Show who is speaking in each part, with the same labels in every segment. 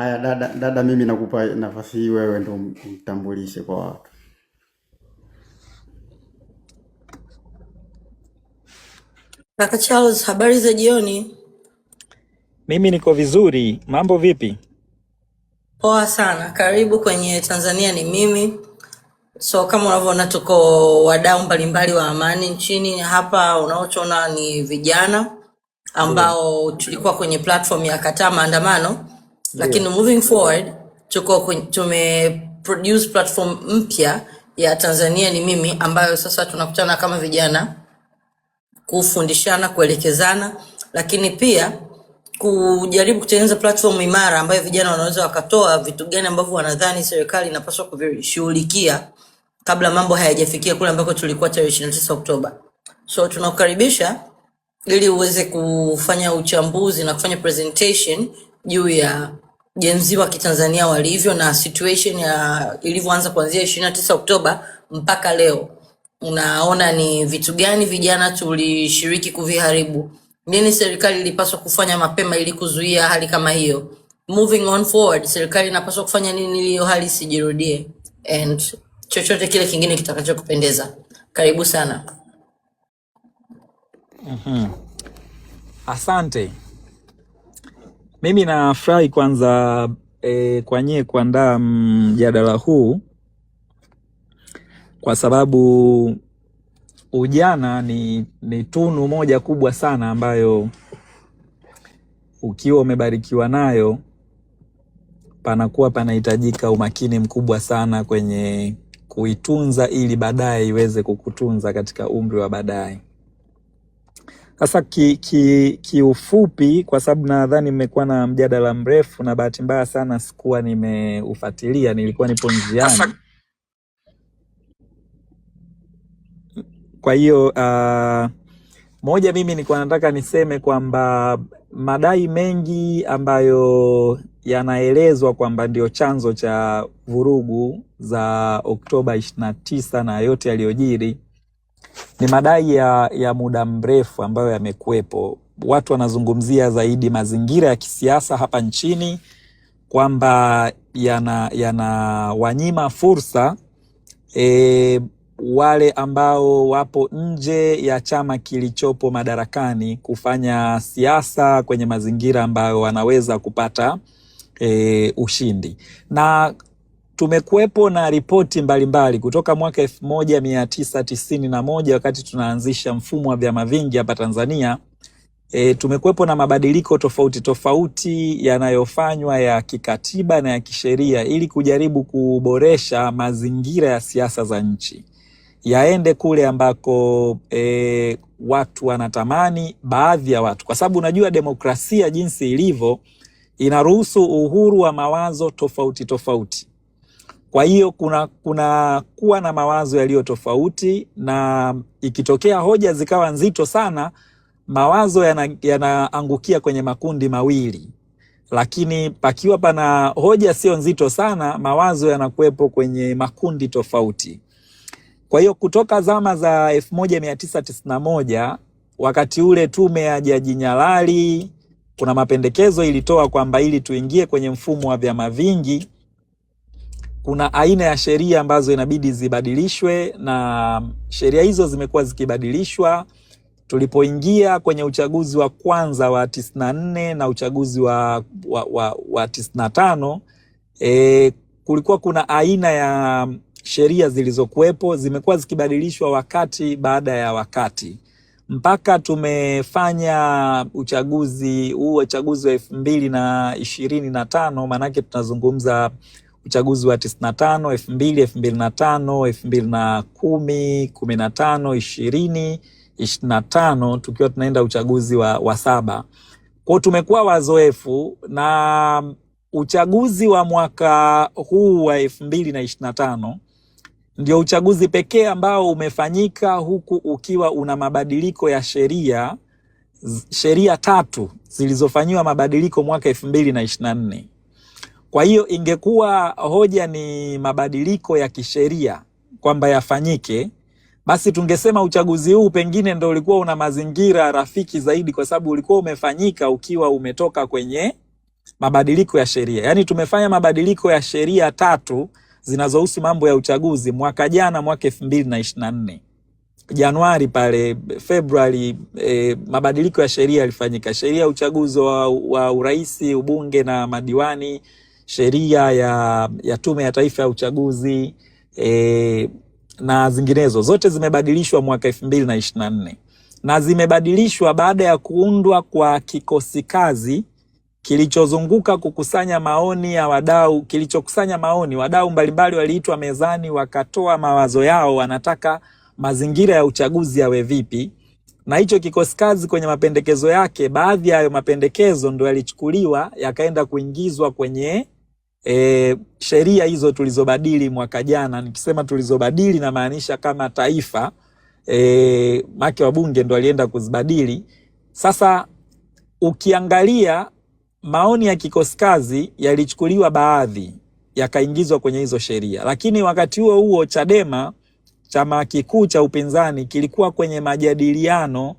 Speaker 1: Haya dada, dada, mimi nakupa nafasi hii, wewe ndo mtambulishe kwa watu.
Speaker 2: Kaka Charles, habari za jioni.
Speaker 1: Mimi niko vizuri, mambo vipi?
Speaker 2: Poa sana, karibu kwenye Tanzania ni mimi. So kama unavyoona, tuko wadau mbalimbali wa amani nchini hapa. Unaochona ni vijana ambao tulikuwa kwenye platform ya kataa maandamano lakini yeah. moving forward tuko tume produce platform mpya ya Tanzania ni mimi, ambayo sasa tunakutana kama vijana kufundishana, kuelekezana, lakini pia kujaribu kutengeneza platform imara ambayo vijana wanaweza wakatoa vitu gani ambavyo wanadhani serikali inapaswa kuvishughulikia kabla mambo hayajafikia kule ambako tulikuwa tarehe 29 Oktoba. So tunakukaribisha ili uweze kufanya uchambuzi na kufanya presentation juu ya jenzi wa Kitanzania walivyo na situation ya ilivyoanza kuanzia 29 Oktoba mpaka leo. Unaona ni vitu gani vijana tulishiriki kuviharibu? Nini serikali ilipaswa kufanya mapema ili kuzuia hali kama hiyo? Moving on forward, serikali inapaswa kufanya nini ili hiyo hali isijirudie? And chochote kile kingine kitakachokupendeza. Karibu sana.
Speaker 1: Mm -hmm. Asante. Mimi nafurahi kwanza e, kwa nyie kuandaa mm, mjadala huu kwa sababu ujana ni, ni tunu moja kubwa sana ambayo ukiwa umebarikiwa nayo panakuwa panahitajika umakini mkubwa sana kwenye kuitunza ili baadaye iweze kukutunza katika umri wa baadaye. Sasa kiufupi ki, ki kwa sababu nadhani mmekuwa na mjadala mrefu na bahati mbaya sana sikuwa nimeufuatilia, nilikuwa nipo njiani. Kwa hiyo uh, moja, mimi nilikuwa nataka niseme kwamba madai mengi ambayo yanaelezwa kwamba ndio chanzo cha vurugu za Oktoba 29 na yote yaliyojiri ni madai ya, ya muda mrefu ambayo yamekuwepo. Watu wanazungumzia zaidi mazingira ya kisiasa hapa nchini kwamba yanawanyima yana fursa e, wale ambao wapo nje ya chama kilichopo madarakani kufanya siasa kwenye mazingira ambayo wanaweza kupata e, ushindi na Tumekuwepo na ripoti mbalimbali kutoka mwaka elfu moja mia tisa tisini na moja wakati tunaanzisha mfumo wa vyama vingi hapa Tanzania. E, tumekuwepo na mabadiliko tofauti tofauti yanayofanywa ya kikatiba na ya kisheria ili kujaribu kuboresha mazingira ya siasa za nchi yaende kule ambako e, watu wanatamani, baadhi ya watu, kwa sababu unajua demokrasia jinsi ilivyo inaruhusu uhuru wa mawazo tofauti tofauti kwa hiyo kuna, kuna kuwa na mawazo yaliyo tofauti, na ikitokea hoja zikawa nzito sana, mawazo yanaangukia yana kwenye makundi mawili, lakini pakiwa pana hoja sio nzito sana, mawazo yanakuwepo kwenye makundi tofauti. Kwa hiyo kutoka zama za 1991 wakati ule tume ya Jaji Nyalali kuna mapendekezo ilitoa kwamba ili tuingie kwenye mfumo wa vyama vingi kuna aina ya sheria ambazo inabidi zibadilishwe, na sheria hizo zimekuwa zikibadilishwa. Tulipoingia kwenye uchaguzi wa kwanza wa tisini na nne na uchaguzi wa, wa, wa, wa tisini na tano e, kulikuwa kuna aina ya sheria zilizokuwepo zimekuwa zikibadilishwa wakati baada ya wakati mpaka tumefanya uchaguzi huu, uchaguzi wa elfu mbili na ishirini na tano maanake tunazungumza uchaguzi wa 95, na tano elfu mbili tukiwa tunaenda uchaguzi wa, wa saba Kwa tumekuwa wazoefu na um, uchaguzi wa mwaka huu wa 2025 ndio uchaguzi pekee ambao umefanyika huku ukiwa una mabadiliko ya sheria sheria tatu zilizofanyiwa mabadiliko mwaka elfu mbili na ishirini na nne kwa hiyo ingekuwa hoja ni mabadiliko ya kisheria kwamba yafanyike, basi tungesema uchaguzi huu pengine ndo ulikuwa una mazingira rafiki zaidi, kwa sababu ulikuwa umefanyika ukiwa umetoka kwenye mabadiliko ya sheria. Yaani tumefanya mabadiliko ya sheria tatu zinazohusu mambo ya uchaguzi mwaka jana, mwaka elfu mbili na ishirini na nne Januari pale, Februari e, mabadiliko ya sheria yalifanyika, sheria ya uchaguzi wa, wa uraisi, ubunge na madiwani sheria ya, ya Tume ya Taifa ya Uchaguzi e, na zinginezo zote zimebadilishwa mwaka elfu mbili na ishirini na nne na zimebadilishwa baada ya kuundwa kwa kikosi kazi kilichozunguka kukusanya maoni ya wadau, kilichokusanya maoni wadau mbalimbali waliitwa mezani, wakatoa mawazo yao, wanataka mazingira ya uchaguzi yawe vipi. Na hicho kikosi kazi kwenye mapendekezo yake, baadhi ya hayo mapendekezo ndo yalichukuliwa yakaenda kuingizwa kwenye e, sheria hizo tulizobadili mwaka jana, nikisema tulizobadili namaanisha kama taifa e, make wabunge ndo alienda kuzibadili. Sasa ukiangalia maoni ya kikosi kazi yalichukuliwa baadhi yakaingizwa kwenye hizo sheria, lakini wakati huo huo Chadema chama kikuu cha upinzani kilikuwa kwenye majadiliano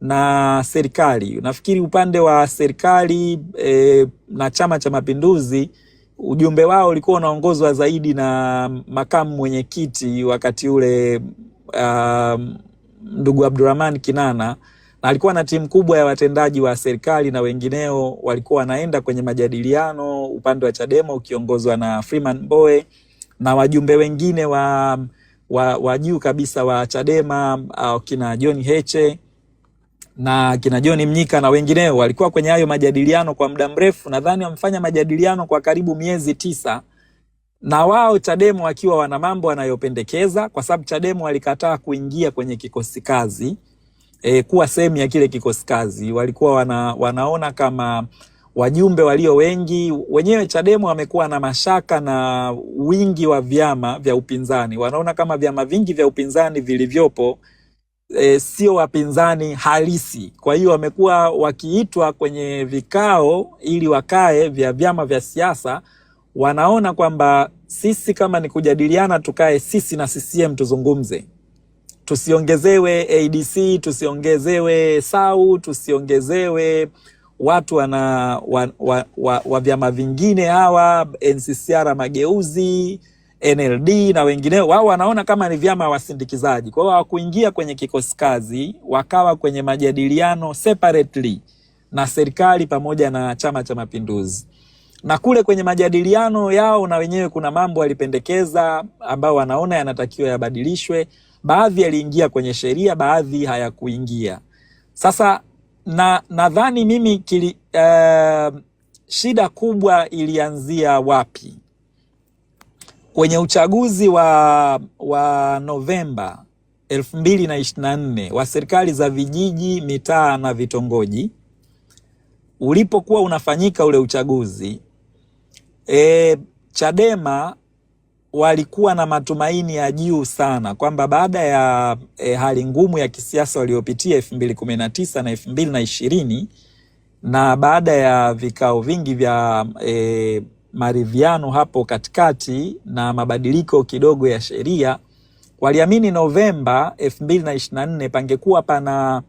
Speaker 1: na serikali. Nafikiri upande wa serikali e, na Chama cha Mapinduzi ujumbe wao ulikuwa unaongozwa zaidi na makamu mwenyekiti wakati ule uh, ndugu abdurahman Kinana na alikuwa na timu kubwa ya watendaji wa serikali na wengineo walikuwa wanaenda kwenye majadiliano, upande wa Chadema ukiongozwa na Freeman Mbowe na wajumbe wengine wa wa, wa juu kabisa wa Chadema uh, kina John Heche na kina John Mnyika na wengineo walikuwa kwenye hayo majadiliano kwa muda mrefu. Nadhani wamefanya majadiliano kwa karibu miezi tisa, na wao Chadema wakiwa wana mambo wanayopendekeza, kwa sababu Chadema walikataa kuingia kwenye kikosi kazi e, kuwa sehemu ya kile kikosi kazi. Walikuwa wana, wanaona kama wajumbe walio wengi wenyewe. Chadema wamekuwa na mashaka na wingi wa vyama vya upinzani, wanaona kama vyama vingi vya upinzani vilivyopo e, sio wapinzani halisi. Kwa hiyo wamekuwa wakiitwa kwenye vikao ili wakae vya vyama vya siasa, wanaona kwamba sisi kama ni kujadiliana, tukae sisi na CCM tuzungumze, tusiongezewe ADC, tusiongezewe SAU, tusiongezewe watu wana wa, wa, wa, wa vyama vingine hawa NCCR Mageuzi NLD na wengineo, wao wanaona kama ni vyama wasindikizaji. Kwa hiyo hawakuingia kwenye kikosi kazi, wakawa kwenye majadiliano separately na serikali pamoja na Chama cha Mapinduzi na kule kwenye majadiliano yao na wenyewe kuna mambo walipendekeza ambayo wanaona yanatakiwa yabadilishwe. Baadhi yaliingia kwenye sheria, baadhi hayakuingia. Sasa na nadhani mimi kili, uh, shida kubwa ilianzia wapi? kwenye uchaguzi wa, wa Novemba 2024 wa serikali za vijiji, mitaa na vitongoji ulipokuwa unafanyika ule uchaguzi e, Chadema walikuwa na matumaini ya juu sana kwamba baada ya e, hali ngumu ya kisiasa waliopitia 2019 na 2020 na na baada ya vikao vingi vya e, maridhiano hapo katikati na mabadiliko kidogo ya sheria, waliamini Novemba 2024 pangekuwa pana,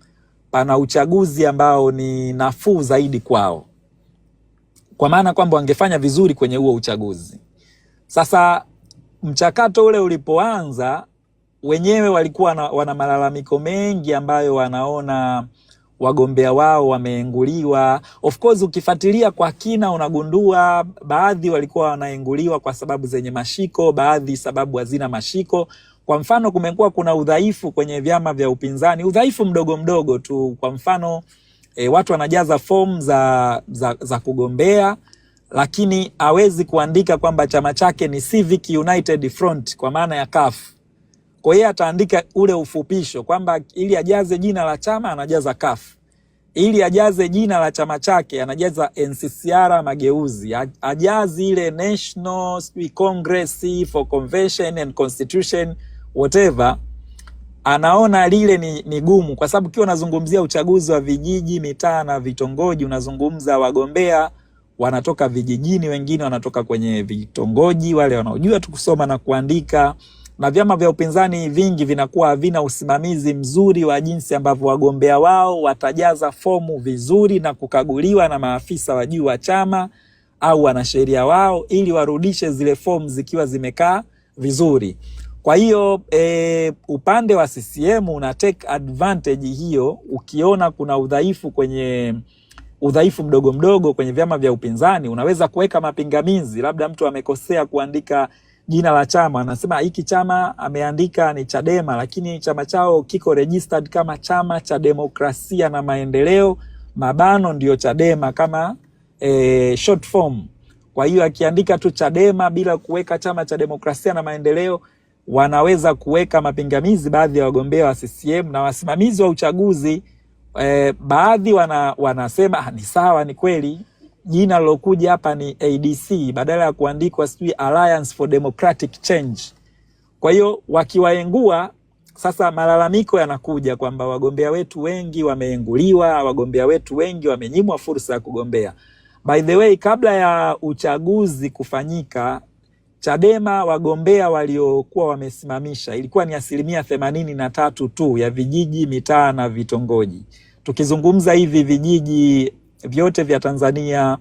Speaker 1: pana uchaguzi ambao ni nafuu zaidi kwao, kwa maana kwamba wangefanya vizuri kwenye huo uchaguzi. Sasa mchakato ule ulipoanza, wenyewe walikuwa wana, wana malalamiko mengi ambayo wanaona wagombea wao wameenguliwa. Of course ukifuatilia kwa kina unagundua baadhi walikuwa wanaenguliwa kwa sababu zenye mashiko, baadhi sababu hazina mashiko. Kwa mfano, kumekuwa kuna udhaifu kwenye vyama vya upinzani, udhaifu mdogo mdogo tu. Kwa mfano e, watu wanajaza fomu za, za, za kugombea lakini hawezi kuandika kwamba chama chake ni Civic United Front kwa maana ya CUF kwa hiyo ataandika ule ufupisho kwamba ili ajaze jina la chama anajaza CUF, ili ajaze jina la chama chake anajaza NCCR Mageuzi, ajazi ile National Congress for Convention and Constitution whatever anaona lile ni, ni gumu kwa sababu ukiwa unazungumzia uchaguzi wa vijiji, mitaa na vitongoji, unazungumza wagombea wanatoka vijijini, wengine wanatoka kwenye vitongoji, wale wanaojua tu kusoma na kuandika na vyama vya upinzani vingi vinakuwa havina usimamizi mzuri wa jinsi ambavyo wagombea wao watajaza fomu vizuri na kukaguliwa na maafisa wa juu wa chama au wanasheria wao ili warudishe zile fomu zikiwa zimekaa vizuri. Kwa hiyo e, upande wa CCM una take advantage hiyo, ukiona kuna udhaifu kwenye udhaifu mdogo mdogo kwenye vyama vya upinzani, unaweza kuweka mapingamizi, labda mtu amekosea kuandika jina la chama, anasema hiki chama ameandika ni Chadema, lakini chama chao kiko registered kama chama cha demokrasia na maendeleo, mabano ndio Chadema kama e, short form. Kwa hiyo akiandika tu Chadema bila kuweka chama cha demokrasia na maendeleo, wanaweza kuweka mapingamizi baadhi ya wagombea wa CCM na wasimamizi wa uchaguzi e, baadhi wana, wanasema ah, ni sawa, ni kweli jina lilokuja hapa ni ADC badala ya kuandikwa sijui Alliance for Democratic Change. Kwa hiyo wakiwaengua sasa, malalamiko yanakuja kwamba wagombea wetu wengi wameenguliwa, wagombea wetu wengi wamenyimwa fursa ya kugombea. By the way, kabla ya uchaguzi kufanyika Chadema wagombea waliokuwa wamesimamisha ilikuwa ni asilimia themanini na tatu tu ya vijiji, mitaa na vitongoji. Tukizungumza hivi vijiji vyote vya Tanzania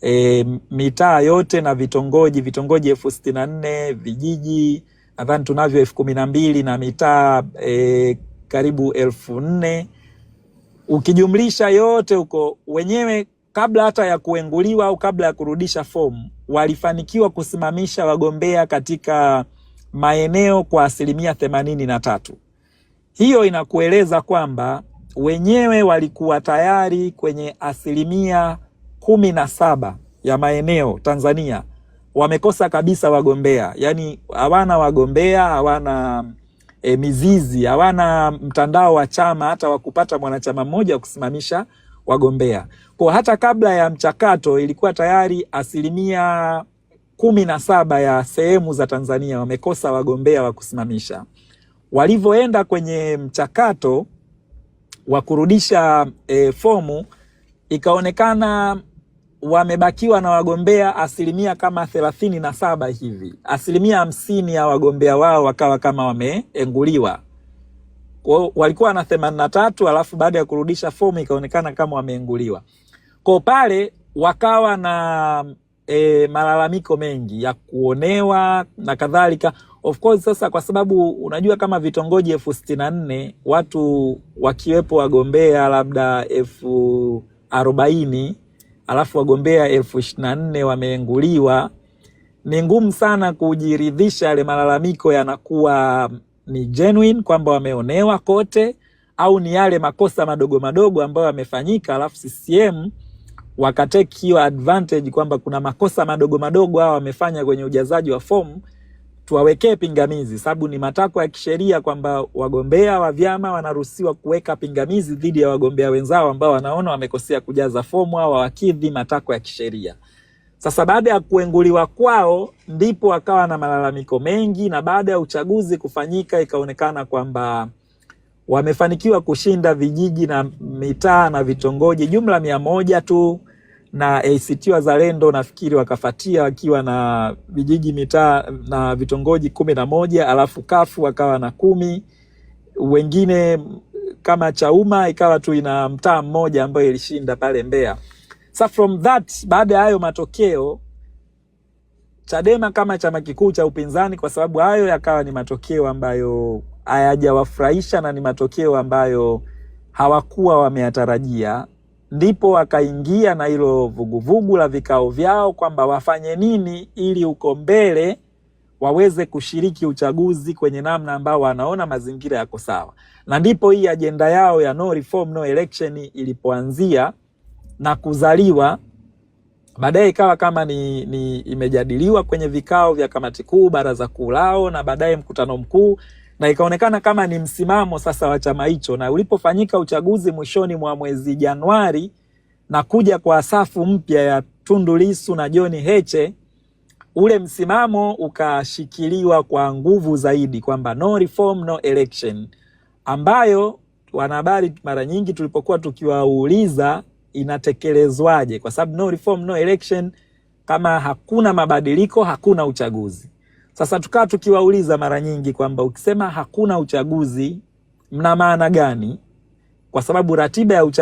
Speaker 1: e, mitaa yote na vitongoji vitongoji elfu sitini na nne vijiji nadhani tunavyo elfu kumi na mbili na mitaa e, karibu elfu nne ukijumlisha yote huko wenyewe kabla hata ya kuenguliwa au kabla ya kurudisha fomu walifanikiwa kusimamisha wagombea katika maeneo kwa asilimia themanini na tatu. Hiyo inakueleza kwamba wenyewe walikuwa tayari kwenye asilimia kumi na saba ya maeneo Tanzania wamekosa kabisa wagombea, yaani hawana wagombea, hawana e, mizizi, hawana mtandao wa chama hata wa kupata mwanachama mmoja wa kusimamisha wagombea. Kwa hata kabla ya mchakato ilikuwa tayari asilimia kumi na saba ya sehemu za Tanzania wamekosa wagombea wa kusimamisha. Walivyoenda kwenye mchakato wa kurudisha e, fomu ikaonekana wamebakiwa na wagombea asilimia kama thelathini na saba hivi, asilimia hamsini ya wagombea wao wakawa kama wameenguliwa. Kwa walikuwa na themanini na tatu alafu baada ya kurudisha fomu ikaonekana kama wameenguliwa. Kwa pale wakawa na e, malalamiko mengi ya kuonewa na kadhalika. Of course sasa, kwa sababu unajua kama vitongoji elfu sitini na nne watu wakiwepo wagombea labda elfu arobaini alafu wagombea elfu ishirini na nne wameenguliwa, ni ngumu sana kujiridhisha yale malalamiko yanakuwa ni genuine kwamba wameonewa kote, au ni yale makosa madogo madogo ambayo yamefanyika, alafu CCM wakatekiwa advantage kwamba kuna makosa madogo madogo hawa wamefanya kwenye ujazaji wa fomu tuwawekee pingamizi, sababu ni matakwa ya kisheria kwamba wagombea wa vyama wanaruhusiwa kuweka pingamizi dhidi ya wagombea wenzao ambao wanaona wamekosea kujaza fomu au hawakidhi matakwa ya kisheria. Sasa baada ya kuenguliwa kwao ndipo wakawa na malalamiko mengi, na baada ya uchaguzi kufanyika ikaonekana kwamba wamefanikiwa kushinda vijiji na mitaa na vitongoji jumla mia moja tu na ACT Wazalendo nafikiri wakafatia wakiwa na vijiji mitaa na vitongoji kumi na moja alafu kafu wakawa na kumi wengine kama Chauma ikawa tu ina mtaa mmoja ambayo ilishinda pale Mbeya. Sasa from that, baada ya hayo matokeo Chadema kama chama kikuu cha upinzani, kwa sababu hayo yakawa ni matokeo ambayo hayajawafurahisha na ni matokeo ambayo hawakuwa wameyatarajia ndipo wakaingia na hilo vuguvugu la vikao vyao kwamba wafanye nini ili uko mbele waweze kushiriki uchaguzi kwenye namna ambao wanaona mazingira yako sawa, na ndipo hii ajenda yao ya no reform no election ilipoanzia na kuzaliwa baadaye ikawa kama ni, ni imejadiliwa kwenye vikao vya kamati kuu, baraza kuu lao, na baadaye mkutano mkuu na ikaonekana kama ni msimamo sasa wa chama hicho, na ulipofanyika uchaguzi mwishoni mwa mwezi Januari na kuja kwa safu mpya ya Tundu Lissu na John Heche, ule msimamo ukashikiliwa kwa nguvu zaidi kwamba no reform no election, ambayo wanahabari mara nyingi tulipokuwa tukiwauliza inatekelezwaje, kwa sababu no reform no election, kama hakuna mabadiliko hakuna uchaguzi. Sasa tukaa tukiwauliza mara nyingi kwamba ukisema hakuna uchaguzi mna maana gani? Kwa sababu ratiba ya uchaguzi